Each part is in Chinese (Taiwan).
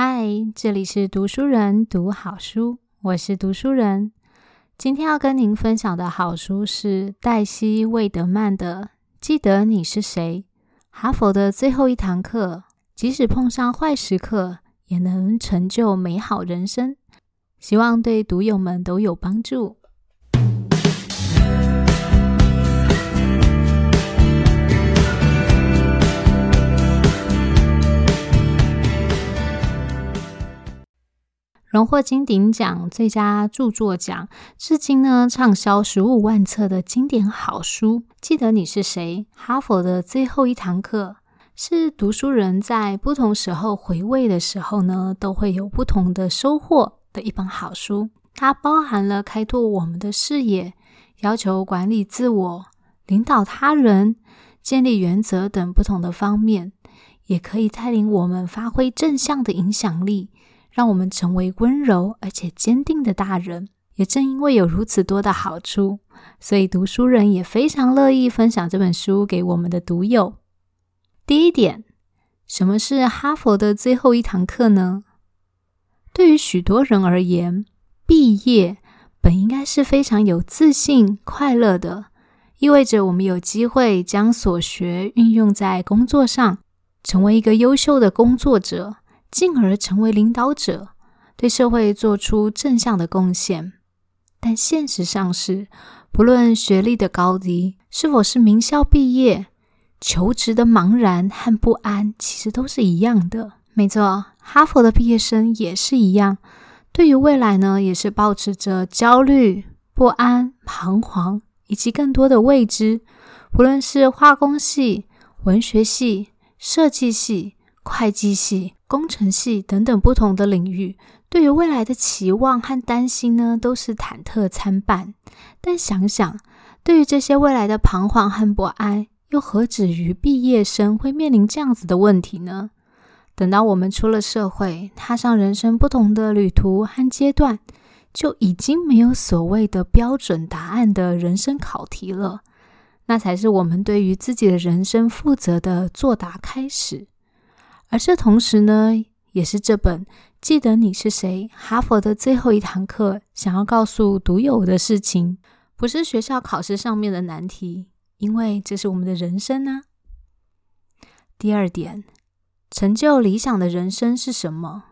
嗨，Hi, 這裡是讀書人讀好書，我是讀書人。今天要跟您分享的好書是黛西·魏德曼的《記得你是誰》，哈佛的最後一堂課，即使碰上壞時刻，也能成就美好人生。希望對讀友們都有幫助。榮獲金鼎獎最佳著作獎，至今呢，暢銷十五萬冊的經典好書。記得你是誰？哈佛的最後一堂課是讀書人在不同時候回味的時候呢，都會有不同的收穫的一本好書。它包含了開拓我們的視野、要求管理自我、領導他人、建立原則等不同的方面，也可以帶領我們發揮正向的影響力。讓我們成為溫柔而且堅定的大人。也正因為有如此多的好處，所以讀書人也非常樂意分享這本書給我們的讀友。第一點，什麼是哈佛的最後一堂課呢？對於許多人而言，畢業本應該是非常有自信、快樂的，意味着我們有機會將所學運用在工作上，成為一個優秀的工作者。進而成為領導者，對社會做出正向的貢獻。但現實上是，不論學歷的高低，是否是名校畢業，求職的茫然和不安其實都是一樣的。沒錯，哈佛的畢業生也是一樣，對於未來呢，也是抱持著焦慮、不安、彷徨以及更多的未知。不論是化工系、文學系、設計系、會計系、工程系等等不同的領域，對於未來的期望和擔心呢，都是忐忑參半。但想想，對於這些未來的彷徨和不安，又何止於畢業生會面臨這樣子的問題呢？等到我們出了社會，踏上人生不同的旅途和階段，就已經沒有所謂的標準答案的人生考題了，那才是我們對於自己的人生負責的作答開始。而這同時呢，也是這本《記得你是誰》哈佛的最後一堂課想要告訴讀友的事情，不是學校考試上面的難題，因為這是我們的人生呢、啊。第二點，成就理想的人生是什麼？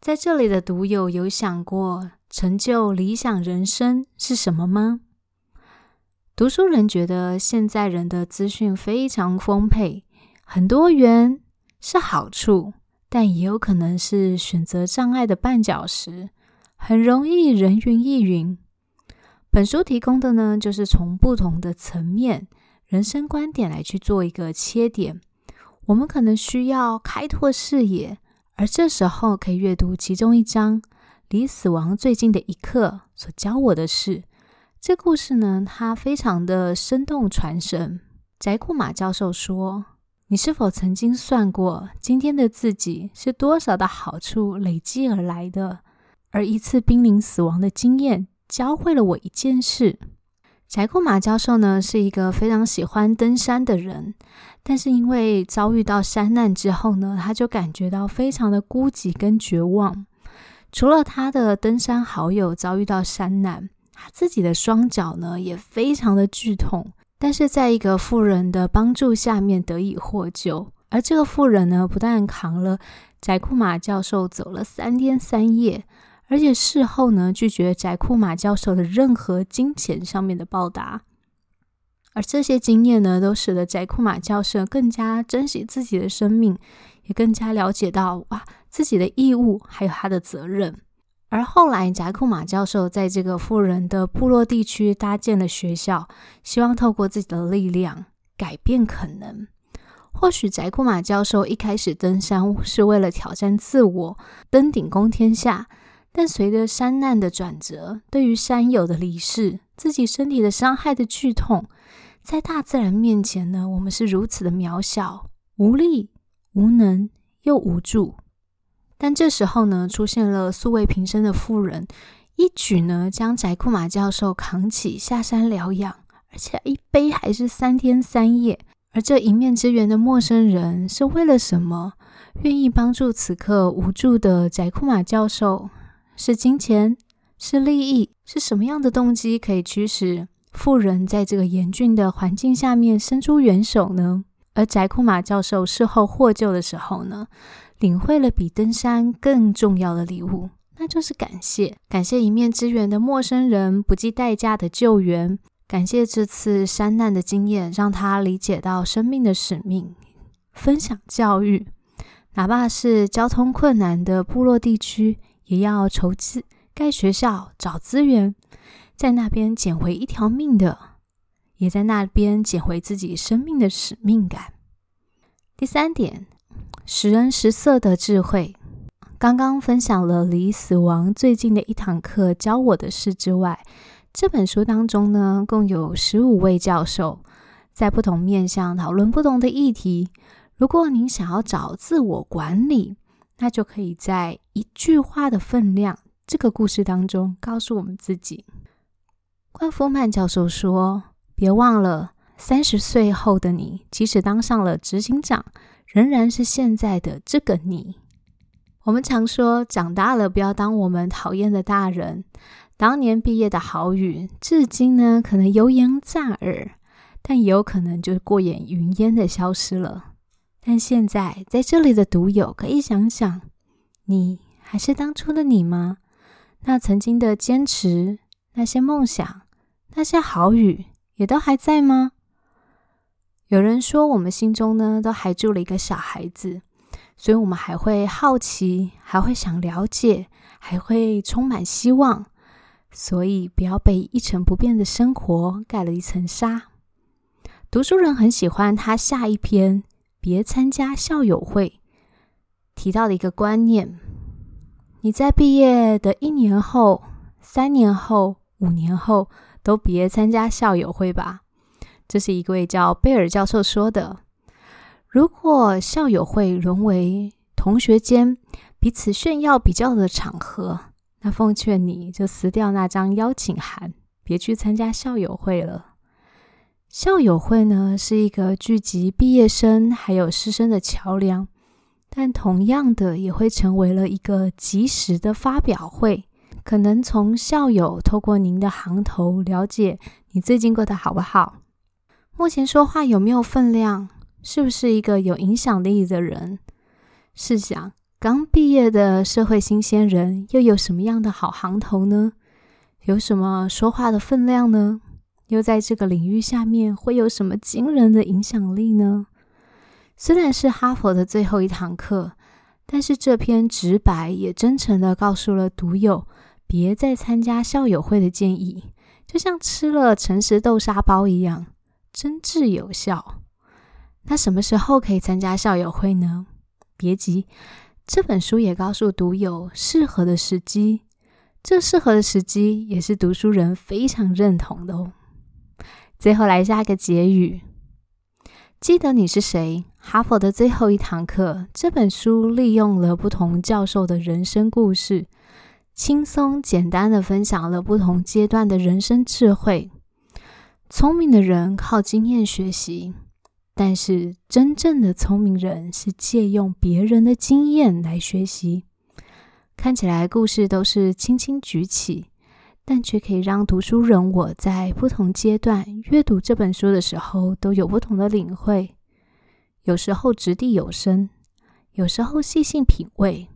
在這裡的讀友有想過成就理想人生是什麼嗎？讀書人覺得現在人的資訊非常豐沛，很多元。是好處，但也有可能是選擇障礙的絆腳石，很容易人云亦云。本書提供的呢，就是從不同的層面、人生觀點來去做一個切點。我們可能需要開拓視野，而這時候可以閱讀其中一章《離死亡最近的一刻》所教我的事。這故事呢，它非常的生動傳神。翟庫馬教授說你是否曾經算過今天的自己是多少的好處累積而來的？而一次瀕臨死亡的經驗，教會了我一件事。柴庫馬教授呢，是一個非常喜歡登山的人，但是因為遭遇到山難之後呢，他就感覺到非常的孤寂跟絕望。除了他的登山好友遭遇到山難，他自己的雙腳呢，也非常的劇痛。但是，在一個富人的幫助下面得以獲救，而這個富人呢，不但扛了翟庫馬教授走了三天三夜，而且事後呢，拒絕翟庫馬教授的任何金錢上面的報答，而這些經驗呢，都使得翟庫馬教授更加珍惜自己的生命，也更加了解到，哇，自己的義務，還有他的責任。而後來，翟庫馬教授在這個富人的部落地區搭建了學校，希望透過自己的力量改變可能。或許翟庫馬教授一開始登山是為了挑戰自我，登頂攻天下。但隨着山難的轉折，對於山友的離世，自己身體的傷害的劇痛，在大自然面前呢，我們是如此的渺小、無力、無能又無助。但這時候呢，出現了素未平生的富人，一舉呢，將翟庫馬教授扛起下山療養，而且一背還是三天三夜。而這一面之緣的陌生人是為了什麼，願意幫助此刻無助的翟庫馬教授？是金錢？是利益？是什麼樣的動機可以驅使富人在這個嚴峻的環境下面伸出援手呢？而翟庫馬教授事後獲救的時候呢，領會了比登山更重要的禮物，那就是感謝。感謝一面之緣的陌生人不計代價的救援，感謝這次山難的經驗，讓他理解到生命的使命。分享教育，哪怕是交通困難的部落地區，也要籌資蓋學校、找資源，在那邊撿回一條命的，也在那邊撿回自己生命的使命感。第三點。十人十色的智慧，剛剛分享了離死亡最近的一堂課教我的事之外，這本書當中呢，共有十五位教授在不同面向討論不同的議題。如果您想要找自我管理，那就可以在一句話的分量這個故事當中告訴我們自己。關福曼教授說：“別忘了，三十歲後的你，即使當上了執行長。”仍然是現在的這個你。我們常說，長大了不要當我們討厭的大人。當年畢業的豪語，至今呢，可能言猶在耳，但也有可能就是過眼雲煙的消失了。但現在在這裡的讀友，可以想想，你還是當初的你嗎？那曾經的堅持，那些夢想，那些豪語，也都還在嗎？有人說，我們心中呢都還住了一個小孩子，所以我們還會好奇，還會想了解，還會充滿希望。所以不要被一成不變的生活蓋了一層紗。讀書人很喜歡他下一篇《別參加校友會》提到的一個觀念：你在畢業的一年後、三年後、五年後，都別參加校友會吧。這是一位叫貝爾教授說的：“如果校友會淪為同學間彼此炫耀比較的場合，那奉勸你就撕掉那張邀請函，別去參加校友會了。校友會呢，是一個聚集畢業生還有師生的橋樑，但同樣的也會成為了一個及時的發表會。可能從校友透過您的行頭了解你最近過得好不好。”目前說話有沒有分量？是不是一個有影響力的人？試想，剛畢業的社會新鮮人又有什麼樣的好行頭呢？有什麼說話的分量呢？又在這個領域下面會有什麼驚人的影響力呢？雖然是哈佛的最後一堂課，但是這篇直白也真誠的告訴了讀友，別再參加校友會的建議，就像吃了誠實豆沙包一樣。真摯有效。那什麼時候可以參加校友會呢？別急，這本書也告訴讀友適合的時機。這適合的時機也是讀書人非常認同的哦。最後來下個結語：記得你是誰？哈佛的最後一堂課。這本書利用了不同教授的人生故事，輕鬆簡單的分享了不同階段的人生智慧。聰明的人靠經驗學習，但是真正的聰明人是借用別人的經驗來學習。看起來故事都是輕輕舉起，但卻可以讓讀書人我在不同階段閱讀這本書的時候都有不同的領會。有時候擲地有聲，有時候細細品味。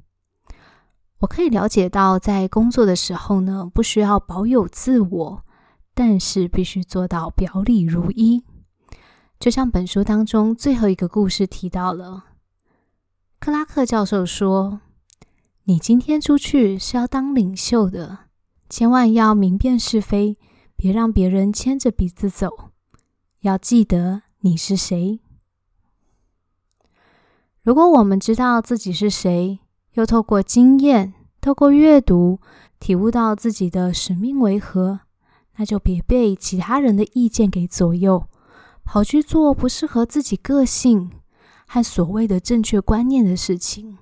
我可以了解到，在工作的時候呢，不需要保有自我。但是必須做到表裡如一，就像本書當中最後一個故事提到了，克拉克教授說：“你今天出去是要當領袖的，千萬要明辨是非，別讓別人牽着鼻子走，要記得你是誰。”如果我們知道自己是誰，又透過經驗、透過閱讀，體悟到自己的使命為何，那就別被其他人的意見給左右，跑去做不適合自己個性和所謂的正確觀念的事情。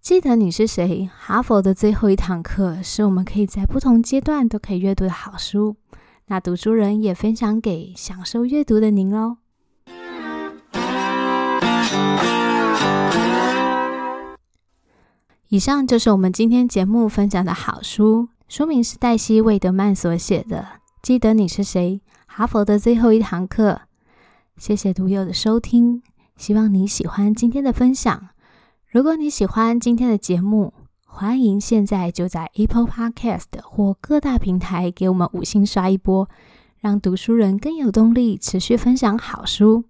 記得你是誰，哈佛的最後一堂課是我們可以在不同階段都可以閱讀的好書。那讀書人也分享給享受閱讀的您嘍、哦。以上就是我們今天節目分享的好書。書名是黛西·魏德曼所寫的《記得你是誰》，哈佛的最後一堂課。謝謝讀友的收聽，希望你喜歡今天的分享。如果你喜歡今天的節目，歡迎現在就在 Apple Podcast 或各大平台給我們五星刷一波，讓讀書人更有動力持續分享好書。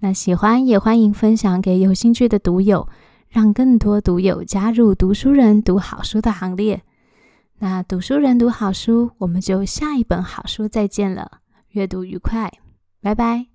那喜歡也歡迎分享給有興趣的讀友，讓更多讀友加入讀書人讀好書的行列。那讀書人讀好書，我們就下一本好書再見了。閱讀愉快，拜拜。